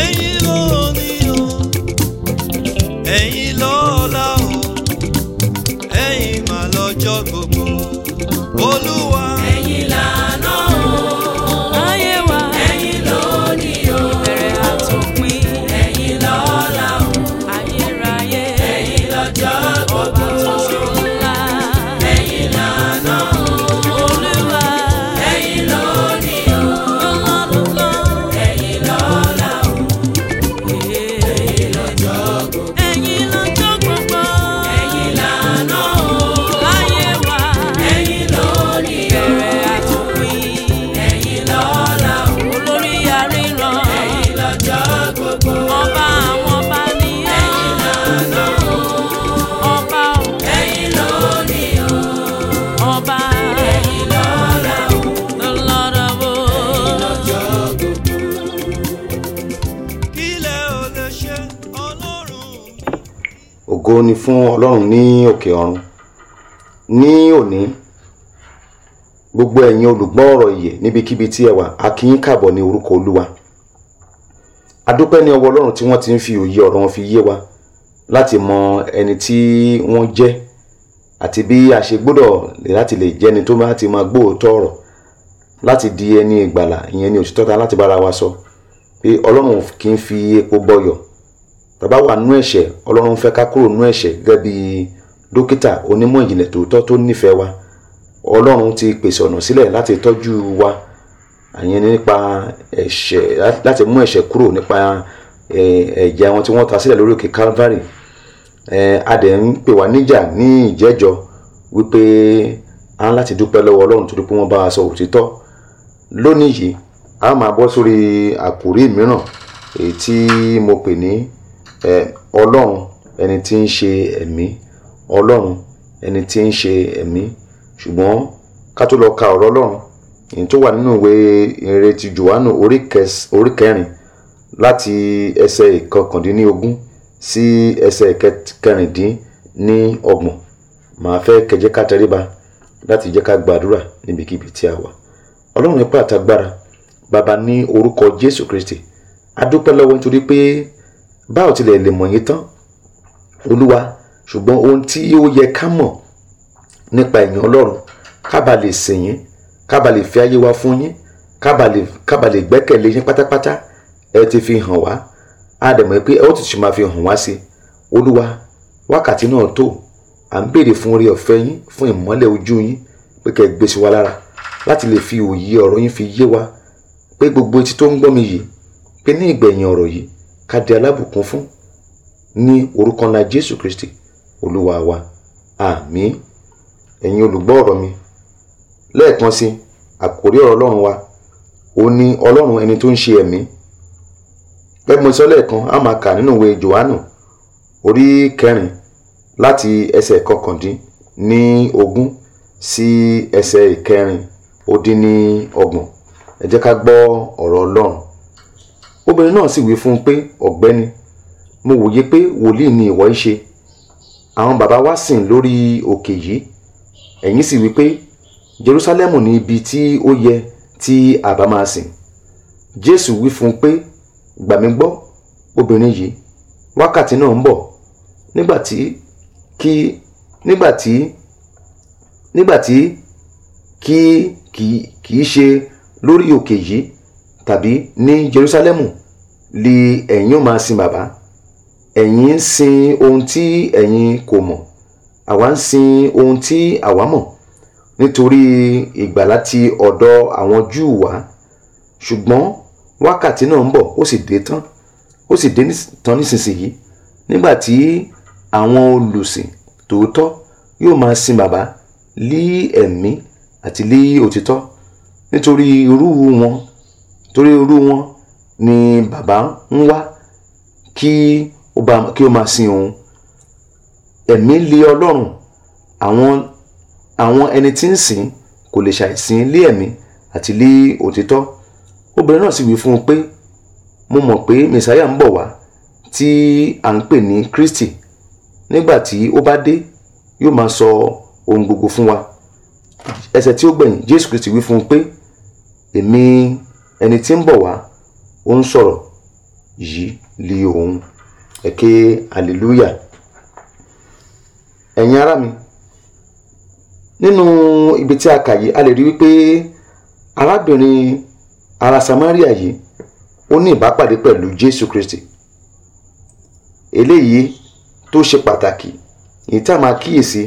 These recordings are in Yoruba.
ẹ̀yin ló ní o ẹ̀yin lọ́la o ẹ̀yin mà lọ́jọ́ ògo ni fún ọlọ́run ní òkè ọ̀run ní òní gbogbo ẹ̀yin olùgbọ́ ọ̀rọ̀ ìyè níbikíbi tí ẹ wà a kí yín kàbọ̀ ní orúkọ olúwa adúpẹ́ ní ọwọ́ ọlọ́run tí wọ́n ti ń fi òye ọ̀rọ̀ wọn fi yé wa láti mọ ẹni tí wọ́n jẹ́ àti bí a ṣe gbọ́dọ̀ láti lè jẹ́ni tó bá ti máa gbóòótọ́ ọ̀rọ̀ láti di ẹni ìgbàlà ìyẹn ni òṣìṣẹ́ tọ́ta láti bára wa sọ pé ọlọ́run kì í fi epo bọyọ̀ bàbá wà nú ẹ̀ṣẹ̀ ọlọ́run fẹ́ ká kúrò nú ẹ̀ṣẹ̀ gẹ́gẹ́ bí dókítà onímọ̀ ìjìnlẹ̀ tòótọ́ tó nífẹ̀ẹ́ wa ọlọ́run ti pèsè ọ̀nà sílẹ̀ láti tọ́jú wa àyẹn nípa ẹ̀ṣẹ̀ láti mú ẹ̀ṣẹ̀ kúrò nípa ẹ̀jẹ̀ wọn tí wọ́n ta sílẹ̀ lórí òkè Calvary adẹ̀ ń pè wá níjà ní ìjẹ́jọ́ wípé a ń láti dúpẹ́ lọ́wọ́ ọlọ́run torí pé wọ́n bá a sọ òtítọ́ lónìí yìí a máa bọ́ sórí àkòrí mìíràn èyí tí mo pè ní ẹ ọlọ́run ẹni tí ń ṣe ẹ̀mí ọlọ́run ẹni tí ń ṣe ẹ̀mí ṣùgbọ́n ká tó lọ ka ọ̀rọ̀ ọlọ́run èyí tó wà nínú ìwé ìrere ti johannu orí kẹrin láti ẹsẹ̀ ìkọkàndínlógún sí ẹsẹ̀ kẹrìndínlọ́gbọ̀n màá fẹ́ kẹjẹ́ ká tẹríba láti jẹ́ ká gbàdúrà níbikíbi tí a wà ọlọ́run nípa àtagbára bàbá ní orúkọ jésù kristi a lọ́wọ́ nítorí pé bá ò tilẹ̀ lè mọ̀ yín tán olúwa ṣùgbọ́n ohun tí ó yẹ ká mọ̀ nípa ẹ̀yìn ọlọ́run ká ba lè sìn yín ká ba lè fi ayé wa fún yín ká ba lè gbẹ́kẹ̀lé yín pátápátá ẹ ti fi hàn wá a dẹ̀ mọ̀ pé ẹ ó ti ṣì máa fi hàn wá sí olúwa wákàtí náà tó à ń béèrè fún orí ọ̀fẹ́ yín fún ìmọ́lẹ̀ ojú yín pé kẹ́ ẹ gbé sí wa lára láti lè fi òye ọ̀rọ̀ yín fi yé wa pé gbogbo etí tó ń gbọ́ mi yìí pé ní ìgbẹ̀yìn ọ̀rọ̀ yìí ká di alábùkún fún ní orúkọ ńlá jésù kristi olúwa wa àmín ẹ̀yin olùgbọ́ ọ̀rọ̀ mi lẹ́ẹ̀kan sí àkórí ọ̀rọ̀ ọlọ́run wa ó ní ọlọ́run ẹni tó ń ṣe ẹ̀mí bẹ́ẹ̀ mo sọ lẹ́ẹ̀kan a máa kà nínú ìwé johannu orí kẹrin láti ẹsẹ̀ kọkàndín ní ogún sí ẹsẹ̀ ìkẹrin ó dín ní ọgbọ̀n ẹ jẹ́ ká gbọ́ ọ̀rọ̀ ọlọ́run obìnrin náà sì wí fún un pé ọ̀gbẹ́ni mo wòye pé wòlíì ni ìwọ ń ṣe àwọn bàbá wa sìn lórí òkè yìí ẹ̀yin sì wí pé Jerúsálẹ́mù ni ibi tí ó yẹ tí a bá máa sìn Jésù wí fún un pé gbà mí gbọ́ obìnrin yìí wákàtí náà ń bọ̀ nígbàtí kí nígbàtí nígbàtí kí kì í ṣe lórí òkè yìí tàbí ní Jerusalemu lè ẹ̀yin ó máa sin bàbá ẹ̀yin ń sin ohun tí ẹ̀yin kò mọ̀ àwa ń sin ohun tí àwa mọ̀ nítorí ìgbàlà ti ọ̀dọ̀ àwọn Júù wá ṣùgbọ́n wákàtí náà ń bọ̀ ó sì dé tán ó sì dé tán nísinsìnyí nígbà tí àwọn olùsìn tòótọ́ yóò máa sin bàbá lí ẹ̀mí àti lí òtítọ́ nítorí irú wọn torí irú wọn ni bàbá ń wá kí ó bá kí ó máa sin òun ẹ̀mí lé ọlọ́run àwọn àwọn ẹni tí ń sìn kò lè ṣàìsìn lé ẹ̀mí àti lé òtítọ́ obìnrin náà sì wí fún un pé mo mọ̀ pé mẹ̀sáyà ń bọ̀ wá tí à ń pè ní Kristi nígbà tí ó bá dé yóò máa sọ ohun gbogbo fún wa ẹsẹ̀ tí ó gbẹ̀yìn Jésù Kristi wí fún un pé èmi. E ẹni tí ń bọ̀ wá ó ń sọ̀rọ̀ yìí li òun ẹ ké hallelujah ẹ̀yin ará mi nínú ibi tí a kà yìí a lè rí wípé arábìnrin ará Samaria yìí ó ní ìbápàdé pẹ̀lú Jésù Kristi eléyìí tó ṣe pàtàkì èyí tá a máa kíyèsí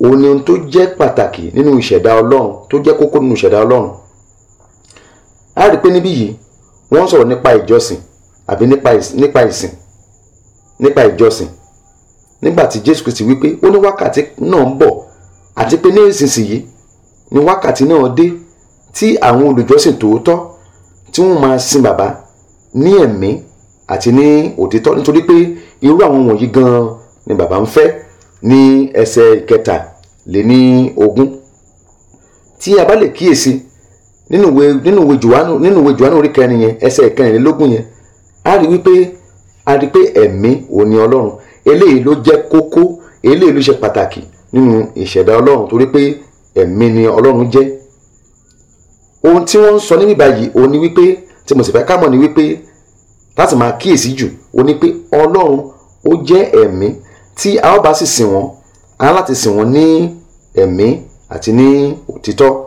òun ni ohun tó jẹ́ pàtàkì nínú ìṣẹ̀dá Ọlọ́run tó jẹ́ kókó nínú ìṣẹ̀dá Ọlọ́run a rí i pé níbí yìí wọ́n ń sọ̀rọ̀ nípa ìjọsìn àbí nípa ìsìn nípa ìjọsìn nígbà tí Jésù Kristi wípé ó ní wákàtí náà ń bọ̀ àti pé ní ìsinsìnyí ni wákàtí náà dé tí àwọn olùjọsìn tòótọ́ tí wọ́n máa sin bàbá ní ẹ̀mí àti ní òtítọ́ nítorí pé irú àwọn wọ̀nyí gan-an ni bàbá ń fẹ́ ní ẹsẹ̀ ìkẹta lé ní ogún tí a bá lè kíyèsí nínú ìwé nínú ìwé Jòhánù nínú ìwé Jòhánù orí kẹrin yẹn ẹsẹ̀ kẹrìnlélógún yẹn a rí wípé a rí pé ẹ̀mí òní Ọlọ́run eléyìí ló jẹ́ kókó eléyìí ló ṣe pàtàkì nínú ìṣẹ̀dá Ọlọ́run torí pé ẹ̀mí ni Ọlọ́run jẹ́ ohun tí wọ́n ń sọ níbí báyìí òun ni wípé tí mo sì fẹ́ ká mọ̀ ni wípé láti máa kíyèsí jù òun ni pé Ọlọ́run ó jẹ́ ẹ̀mí tí a ó bá sì sìn wọ́n a láti sìn wọ́n ní ẹ̀mí àti ní òtítọ́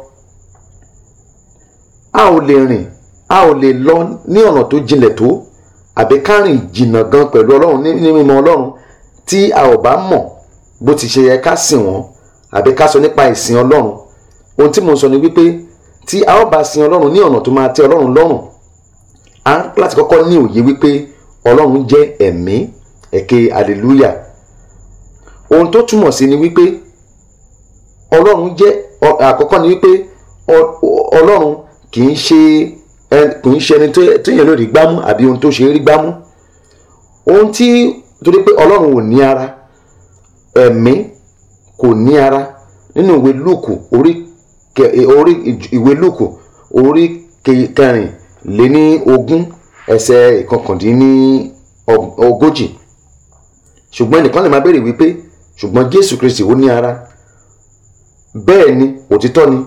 a ò lè rìn a ò lè lọ ní ọ̀nà tó jinlẹ̀ tó àbí ká rìn jìnnà gan pẹ̀lú ọlọ́run ní mímọ̀ ọlọ́run tí a ò bá mọ̀ bó ti ṣe yẹ ká sìn wọ́n àbí ká sọ nípa ìsìn ọlọ́run ohun tí mo sọ ni wípé tí a ó bá sin ọlọ́run ní ọ̀nà tó máa tẹ́ ọlọ́run lọ́rùn a láti kọ́kọ́ ní òye wípé ọlọ́run jẹ́ ẹ̀mí ẹ̀kẹ́ hallelujah ohun tó túmọ̀ sí ni wípé ọlọ́run jẹ́ àkọ́kọ́ ni wípé ọlọ́run kì í ṣe kì í ṣe ẹni téèyàn lè rí gbámú àbí ohun tó ṣe é rí gbámú ohun tí torí pé ọlọ́run ò ní ara ẹ̀mí kò ní ara nínú ìwé lúùkù orí orí ìwé lúùkù orí kẹrìnléní ogún ẹsẹ̀ ìkọkàndínní ogójì ṣùgbọ́n ẹnìkan lè máa béèrè wípé ṣùgbọ́n Jésù Kristi ó ní ara bẹ́ẹ̀ ni òtítọ́ ni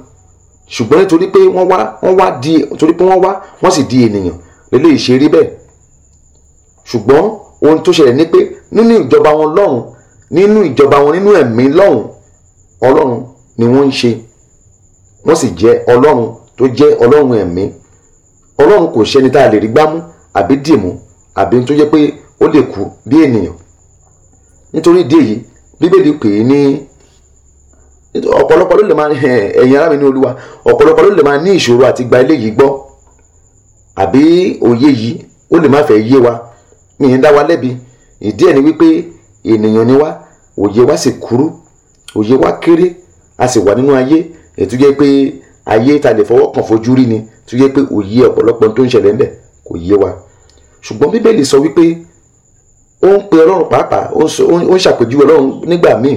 ṣùgbọ́n nítorí pé wọ́n wá wọ́n wá di nítorí pé wọ́n wá wọ́n sì di ènìyàn lélẹ́ ìṣe rí bẹ́ẹ̀ ṣùgbọ́n ohun tó ṣẹlẹ̀ ni pé nínú ìjọba wọn lọ́hùn nínú ìjọba wọn nínú ẹ̀mí lọ́hùn ọlọ́run ni wọ́n ń ṣe wọ́n sì jẹ́ ọlọ́run tó jẹ́ ọlọ́run ẹ̀mí ọlọ́run kò ṣẹni tá a lè rí gbámú àbí dìmú àbí tó jẹ́ pé ó lè kú bí ènìyàn nítorí ìdí èyí bíbélì pè é ní ọ̀pọ̀lọpọ̀ ló lè máa ẹ̀yin ará mi ní olúwa ọ̀pọ̀lọpọ̀ ló lè máa ní ìṣòro àti gba eléyìí gbọ́ àbí òye yìí ó lè má fẹ́ yé wa mi ń dá wa lẹ́bi ìdí ẹ̀ ni wípé ènìyàn ni wá òye wa sì kúrú òye wa kéré a sì wà nínú ayé ètò yẹ pé ayé ta lè fọwọ́ kàn fojú rí ni tó yẹ pé òye ọ̀pọ̀lọpọ̀ tó ń ṣẹlẹ̀ ńbẹ̀ kò yé wa ṣùgbọ́n bíbélì sọ wípé ó ń pe ọlọ́run pàápàá ó ń ṣàpèjúwe ọlọ́run nígbà míì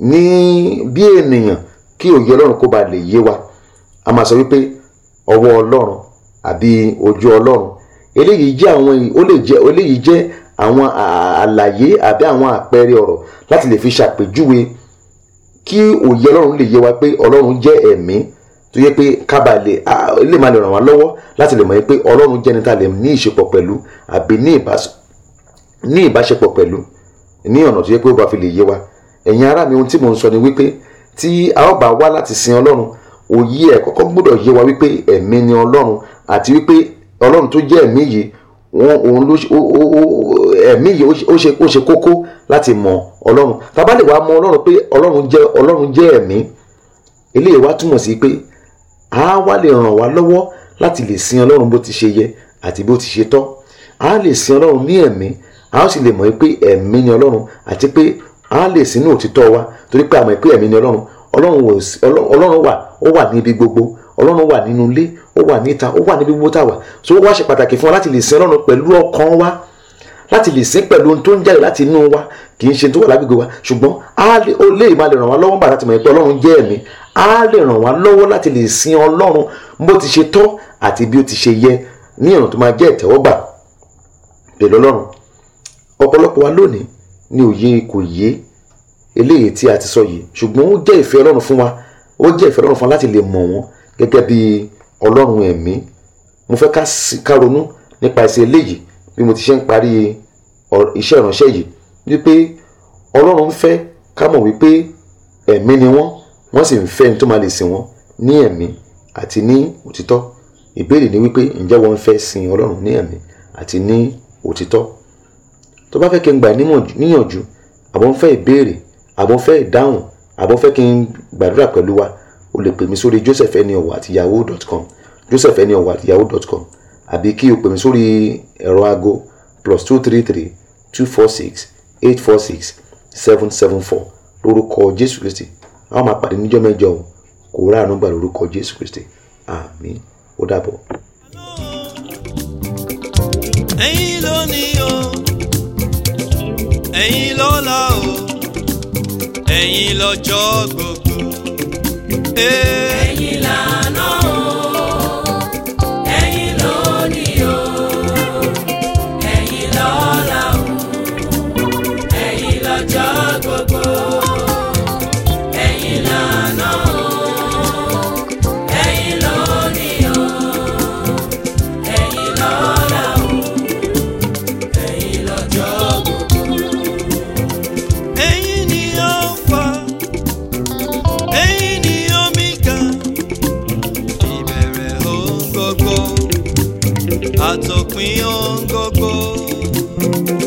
ní bí ènìyàn kí òye ọlọ́run kó ba lè yé wa a máa sọ wípé ọwọ́ ọlọ́run àbí ojú ọlọ́run eléyìí jẹ́ àwọn ó lè jẹ́ eléyìí jẹ́ àwọn àlàyé àbí àwọn àpẹẹrẹ ọ̀rọ̀ láti lè fi ṣàpèjúwe kí òye ọlọ́run lè yé wa pé ọlọ́run jẹ́ ẹ̀mí tó yẹ pé kábà lè lè máa lè ràn wá lọ́wọ́ láti lè mọ̀ pé ọlọ́run jẹ́ni tá a lè ní ìṣepọ̀ pẹ̀lú àbí ní ìbáṣepọ̀ pẹ̀lú ní ọ̀nà tó yẹ pé ó bá fi lè yé wa ẹ̀yin ará mi ohun tí mò ń sọ ni wípé tí a ó bá wá láti sin ọlọ́run òye ẹ̀ kọ́kọ́ gbọ́dọ̀ yé wa wípé ẹ̀mí ni ọlọ́run àti wípé ọlọ́run tó jẹ́ ẹ̀mí yìí wọn òun ló ẹ̀mí yìí ó ṣe kókó láti mọ ọlọ́run tá bá lè wá mọ ọlọ́run pé ọlọ́run jẹ́ ọlọ́run jẹ́ ẹ̀mí eléyìí wá túmọ̀ sí pé a wá lè ràn wá lọ́wọ́ láti lè sin ọlọ́run bó ti ṣe yẹ àti bó ti ṣe tọ́ a lè sin ọlọ́run ní ẹ̀mí a ó sì lè mọ̀ pé ẹ̀mí ni ọlọ́run àti pé á lè sínú òtítọ́ wa torí pé a mọ̀ pé ẹ̀mí ni ọlọ́run ọlọ́run wà ó wà níbi gbogbo ọlọ́run wà nínú ilé ó wà níta ó wà níbi gbogbo tá a wà so ó wá ṣe pàtàkì fún wa láti lè sin ọlọ́run pẹ̀lú ọkàn wa láti lè sin pẹ̀lú ohun tó ń jáde láti inú wa kì í ṣe tó wà lágbègbè wa ṣùgbọ́n ó lè máa lè ràn wá lọ́wọ́ bàtà tí mo yẹ pé ọlọ́run jẹ́ ẹ̀mí á lè ràn wá lọ́wọ́ láti lè sin ọlọ́run bó ti ṣe tọ́ àti bí ó ti ṣe yẹ ní ọ̀nà tó máa jẹ́ ìtẹ́wọ́gbà pẹ̀lú ọlọ́run ọ̀pọ̀lọpọ̀ wa lónìí ni òye kò yé eléyìí tí a ti sọ yìí ṣùgbọ́n ó jẹ́ ìfẹ́ ọlọ́run fún wa ó jẹ́ ìfẹ́ ọlọ́run fún wa láti lè mọ̀ wọ́n gẹ́gẹ́ bí ọlọ́run ẹ̀mí mo fẹ́ ká ronú nípa ẹsẹ̀ eléyìí bí mo ti ṣe ń parí iṣẹ́ ìránṣẹ́ yìí wípé ọlọ́run fẹ́ ká mọ̀ wípé ẹ̀mí ni wọ́n wọ́n sì ń fẹ́ ẹni tó máa lè sìn wọ́n ní ẹ̀mí àti ní òtítọ́ ìbéèrè ni wípé ǹjẹ́ wọ́n fẹ́ sin ọlọ́run ní ẹ̀mí àti ní òtítọ́ tó bá fẹ́ kí n gbà níyànjú àbọ̀ ń fẹ́ ìbéèrè àbọ̀ ń fẹ́ ìdáhùn àbọ̀ ń fẹ́ kí n gbàdúrà pẹ̀lú wa o lè pè mí sórí josepheniowo at yahoo dot com Joseph josepheniowo at yahoo dot com àbí kí o pè mí sórí ẹ̀rọ aago plus two three three two four six eight four six seven seven four lórúkọ jésù kristi a ó máa pàdé níjọ́ mẹ́jọ o kò ráàánú gbà lórúkọ jésù kristi àmín ó dàbọ̀. ẹ̀yin ló o ẹ̀yin lọ́la o ẹ̀yin lọ́jọ́ gbogbo. ẹ̀yin là góńgógó.